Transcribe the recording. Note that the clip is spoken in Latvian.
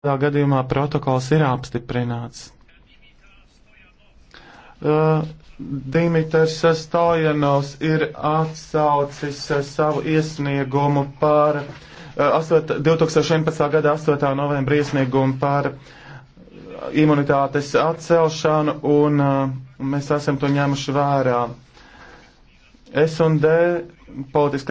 Tādā gadījumā protokols ir apstiprināts. Uh, Dimitrs Stojanovs ir atsaucis savu iesniegumu par uh, 8, 2011. gada 8. novembra iesniegumu par imunitātes atcelšanu un uh, mēs esam to ņēmuši vērā. S un D politiskā.